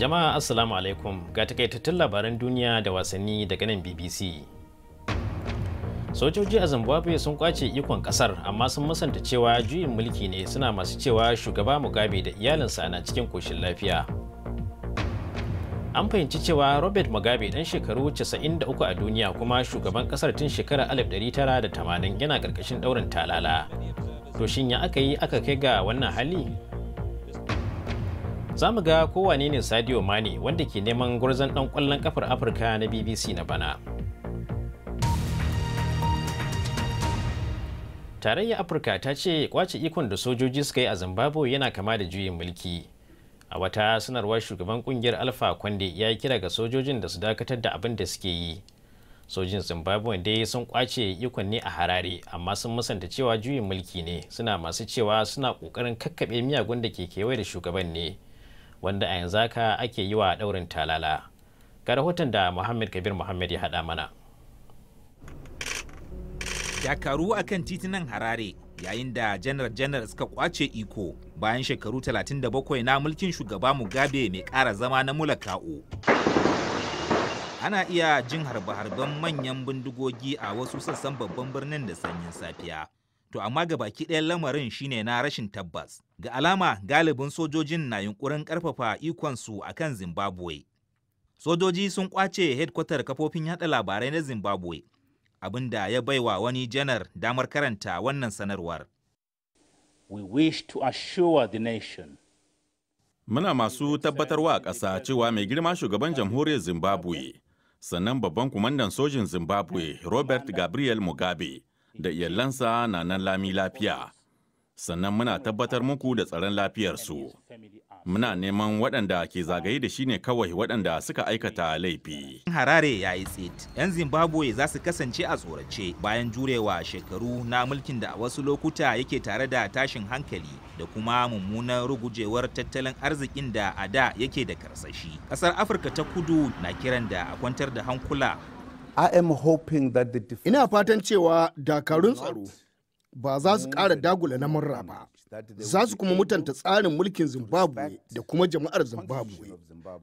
Jama'a Assalamu alaikum ga takaitattun labaran duniya da wasanni daga nan BBC. Sojoji a Zimbabwe sun kwace ikon kasar amma sun musanta cewa juyin mulki ne suna masu cewa shugaba Mugabe da iyalinsa na cikin koshin lafiya. An fahimci cewa Robert Mugabe dan shekaru 93 a duniya kuma shugaban kasar tun shekarar 1980 yana karkashin daurin talala. To shin ya aka yi aka kai ga wannan hali? za mu ga kowane ne sadio mani wanda ke neman gwarzon dan kwallon kafar afirka na bbc na bana tarayyar afirka ta ce kwace ikon da sojoji suka yi a zimbabwe yana kama da juyin mulki a wata sanarwar shugaban kungiyar alfa kwande ya yi kira ga sojojin da su dakatar da abin da suke yi sojin zimbabwe dai sun kwace ikon ne a harare amma sun musanta cewa juyin mulki ne suna masu cewa suna kokarin kakkaɓe miyagun da ke kewaye da shugaban ne wanda a yanzu haka ake yi wa daurin talala ga rahoton da muhammad kabir muhammad ya haɗa mana dakaru a kan titunan harare yayin da janar janar suka kwace iko bayan shekaru 37 na mulkin shugaba mugabe mai ƙara zama na mulaka'o ana iya jin harbe-harben manyan bindigogi a wasu sassan babban birnin da sanyin safiya to amma ga baki ɗayan lamarin shine na rashin tabbas ga alama galibin sojojin na yunkurin ƙarfafa ikonsu a kan zimbabwe sojoji sun kwace hedkwatar kafofin yada labarai na zimbabwe abin da ya baiwa wani janar damar karanta wannan sanarwar we wish to assure the nation muna masu tabbatarwa a ƙasa cewa mai girma shugaban jamhuriyar zimbabwe sannan babban kumandan sojin zimbabwe robert gabriel mugabe da iyalansa na nan lami lafiya. Sannan muna tabbatar muku da tsaron lafiyarsu. Muna neman waɗanda ke zagaye da shi ne kawai waɗanda suka aikata laifi. Harare ya yi tsit, 'yan Zimbabwe za su kasance a tsorace bayan jurewa shekaru na mulkin da a wasu lokuta yake tare da tashin hankali da kuma mummunan rugujewar tattalin arzikin da a da yake da karsashi. Ƙasar Afirka ta kudu na kiran da a kwantar da hankula Ina fatan cewa dakarun tsaro ba za su ƙara dagula lamurra ba, za su kuma mutanta tsarin mulkin Zimbabwe da kuma jama'ar Zimbabwe,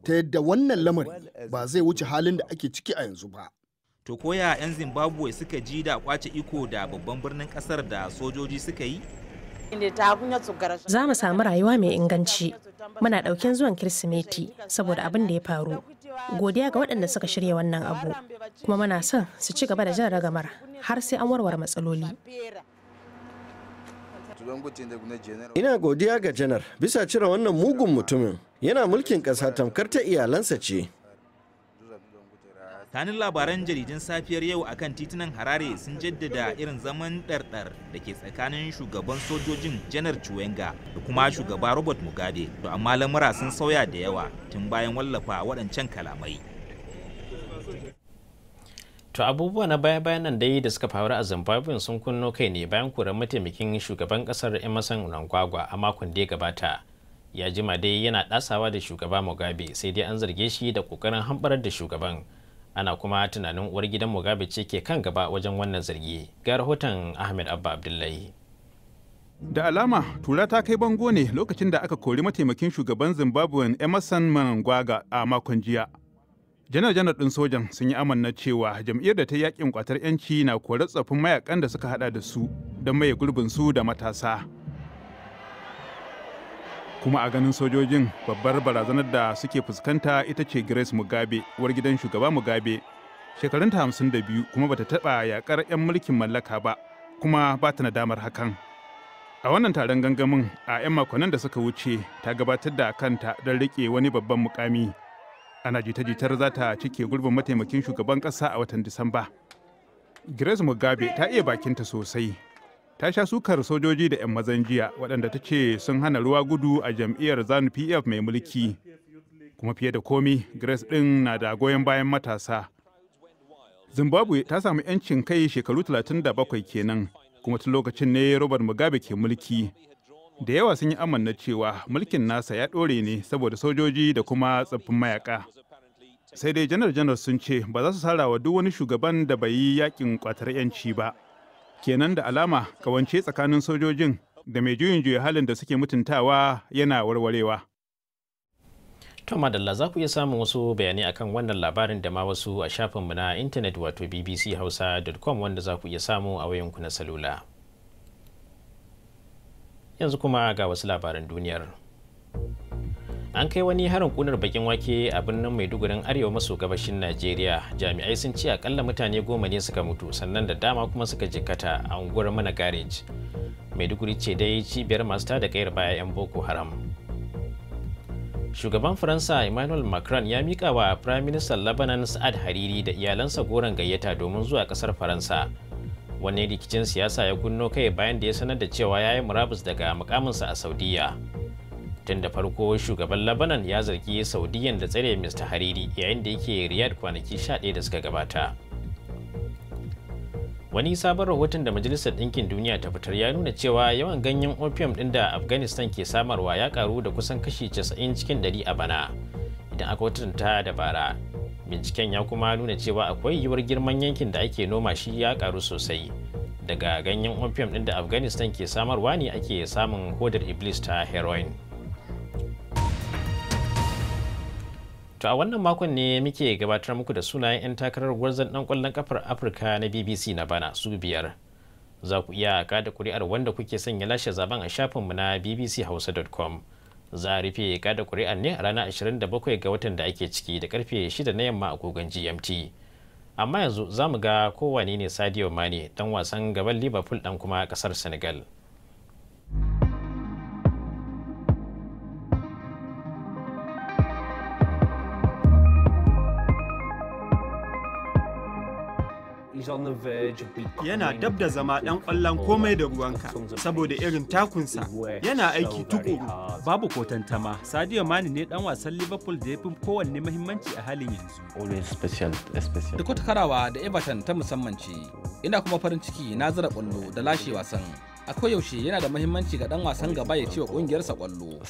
ta yadda wannan lamari ba zai wuce halin da ake ciki a yanzu ba. To koya 'yan Zimbabwe suka ji da kwace iko da babban birnin ƙasar da sojoji suka yi? Za mu samu rayuwa mai inganci. Muna ɗauken zuwan Kirsimeti saboda abin da ya faru. godiya ga waɗanda suka shirya wannan abu kuma muna son su ci gaba da jin ragamar har sai an warware matsaloli ina godiya ga janar bisa cire wannan mugun mutumin yana mulkin ƙasa tamkar ta iyalansa ce kanin labaran jaridun safiyar yau akan titunan harare sun jaddada irin zaman ɗarɗar da ke tsakanin shugaban sojojin janar chuwenga da kuma shugaba robert mugabe to amma lamura sun sauya da yawa tun bayan wallafa waɗancan kalamai To abubuwa na baya-bayan nan dai da suka faru a Zimbabwe sun kunno kai ne bayan koran mataimakin shugaban kasar Emerson Mnangagwa a makon da ya gabata. Ya jima dai yana ɗasawa da shugaba Mugabe sai dai an zarge shi da kokarin hambarar da shugaban. ana kuma tunanin uwar gidan mugabe ce ke kan gaba wajen wannan zargi ga rahoton ahmed abba abdullahi da alama tura ta kai bango ne lokacin da aka kori mataimakin shugaban zimbabwean emerson mangwaga a makon jiya janar janar ɗin sojan sun yi amanna cewa jam'iyyar da ta yakin kwatar 'yanci na korar tsoffin mayakan da suka hada da su don maye gurbin su da matasa kuma a ganin sojojin babbar barazanar da suke fuskanta ita ce grace mugabe uwar gidan shugaba mugabe shekarunta hamsin da biyu kuma bata taɓa yakar 'yan mulkin mallaka ba kuma ba ta nadamar hakan a wannan taron gangamin a 'yan makonnin da suka wuce ta gabatar da kanta don riƙe wani babban mukami ana jita-jitar za ta cike gurbin mataimakin shugaban ƙasa a watan disamba grace mugabe ta iya bakinta sosai ta sha sukar sojoji da 'yan mazan jiya waɗanda ta ce sun hana ruwa gudu a jam'iyyar zanu pf mai mulki kuma fiye da komi grace ɗin na da goyon bayan matasa zimbabwe ta samu 'yancin kai shekaru 37 kenan kuma tun lokacin ne robert mugabe ke mulki da yawa sun yi amanna cewa mulkin nasa ya ɗore ne saboda sojoji da kuma tsaffin mayaka sai dai janar janar sun ce ba za su sarawa duk wani shugaban da bai yi yakin kwatar 'yanci ba kenan da alama kawance tsakanin sojojin da mai juyin juya halin da suke mutuntawa yana warwarewa. To madalla za ku iya samun wasu bayanai akan wannan labarin da ma wasu a shafinmu na intanet wato bbc bbchausa.com wanda za ku iya samu a wayanku na salula. Yanzu kuma ga wasu labaran duniyar. an kai wani harin kunar bakin wake a birnin maidugurin arewa maso gabashin najeriya jami'ai sun ce akalla mutane goma ne suka mutu sannan da dama kuma suka kata a unguwar mana garage maiduguri ce dai cibiyar masu da kayar baya 'yan boko haram shugaban faransa emmanuel macron ya mika wa prime minister lebanon sa'ad hariri da iyalansa goron gayyata domin zuwa kasar faransa wani rikicin siyasa ya kunno kai bayan da ya sanar da cewa ya yi murabus daga mukaminsa a saudiya tun da farko shugaban labanan ya zargi saudiyan da tsare mr hariri yayin da yake riyad kwanaki 11 da suka gabata wani sabon rahoton da majalisar ɗinkin duniya ta fitar ya nuna cewa yawan ganyen opium ɗin da afghanistan ke samarwa ya karu da kusan kashi 90 cikin 100 a bana idan aka kwatanta da bara binciken ya kuma nuna cewa akwai yiwuwar girman yankin da ake noma shi ya karu sosai daga ganyen opium ɗin da afghanistan ke samarwa ne ake samun hodar iblis ta heroin To a wannan makon ne muke gabatar muku da sunayen 'yan takarar gwarzon dan kwallon kafar Afirka na BBC na bana su biyar. Za ku iya kada kuri'ar wanda kuke sanya lashe zaben a shafinmu na bbchausa.com. Za a rufe kada kuri'ar ne a ranar 27 ga watan da ake ciki da karfe 6 na yamma a kogon GMT. Amma yanzu za mu ga kowane ne Sadio mani dan wasan gaban Liverpool dan kuma kasar Senegal. Yana dab da zama ɗan ƙwallon komai da ruwanka saboda irin takunsa yana aiki tukuru. Babu ko tantama, Sadio Mane ne ɗan wasan Liverpool da ya fi kowanne mahimmanci a halin yanzu. Eh, Duk wata karawa da Everton ta musamman ce, ina kuma farin ciki na zira ƙwallo da lashe wasan. a koyaushe yana da mahimmanci ga dan wasan gaba ya ce wa kungiyarsa kwallo.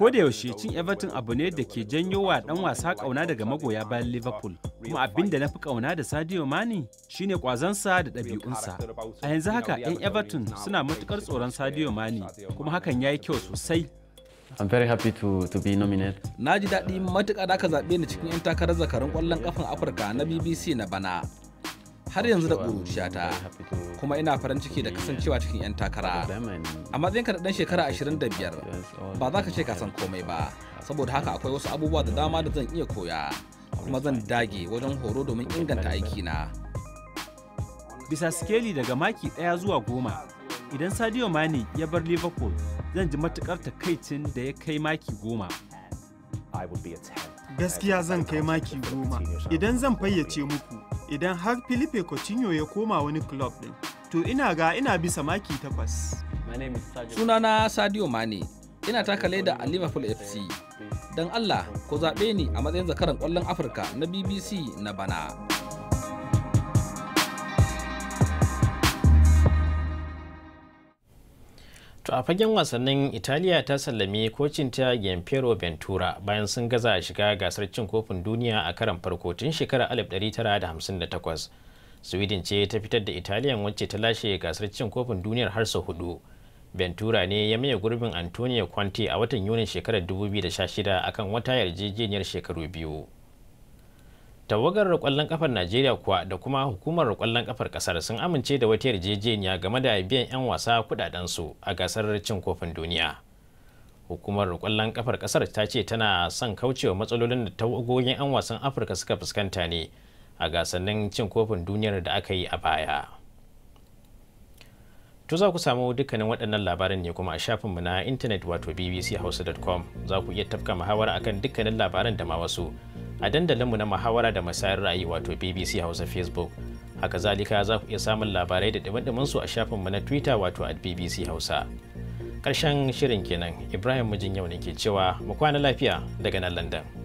A yaushe cin Everton abu ne da ke janyo wa dan wasa kauna daga magoya bayan Liverpool. Kuma abin da na fi kauna da Sadio Mane shine kwazansa da ɗabi'unsa. A yanzu haka 'yan Everton suna matukar tsoron Sadio Mane kuma hakan ya yi kyau sosai. I'm very happy to, to be nominated. Na ji daɗi matuƙa da aka zaɓe ni cikin 'yan takarar zakarun ƙwallon ƙafan Afirka na BBC na bana. har yanzu da ƙuruciyata kuma ina farin ciki da kasancewa cikin 'yan takara a ka da ɗan shekara biyar ba za ka ce ka san komai ba saboda haka akwai wasu abubuwa da dama da zan iya koya kuma zan dage wajen horo domin inganta aiki na. bisa sikeli daga maki ɗaya zuwa goma idan sadio mani ya bar liverpool zan ji matukar takaicin da ya kai maki goma gaskiya zan kai maki goma idan zan fayyace muku idan har Filipe Coutinho ya koma wani club din, To ina ga ina bisa maki takwas. Sunana Sadio Mane, ina taka da a Liverpool FC. Don Allah, ku zaɓe ni a matsayin zakaran ƙwallon Afirka na BBC na bana. a fagen wasannin Italiya ta sallami ta Gianpiero Ventura bayan sun gaza shiga gasar cin kofin duniya a karan farko tun shekarar 1958. Sweden ce ta fitar da Italiyan wacce ta lashe gasar cin kofin duniyar har sau hudu. Ventura ne ya maye gurbin Antonio Conte a watan Yunin shekarar 2016 akan wata yarjejeniyar shekaru biyu. tawagar kwallon kafar najeriya kuwa da kuma hukumar kwallon kafar kasar sun amince da wata yarjejeniya game da biyan 'yan wasa su a gasar cin kofin duniya hukumar kwallon kafar kasar ta ce tana son kaucewa matsalolin da tawagogin 'yan wasan afirka suka fuskanta ne a gasannin cin kofin duniyar da aka yi a baya to za ku samu dukkanin waɗannan labaran ne kuma a shafinmu na intanet wato bbchausa.com za ku iya tafka muhawara akan dukkanin labaran da ma wasu a dandalinmu na muhawara da masayar ra'ayi wato bbc hausa facebook haka zalika za ku iya samun labarai da ɗimin su a shafinmu na twitter wato at bbc hausa ƙarshen shirin kenan ibrahim mujin yau ne ke cewa mu kwana lafiya daga nan london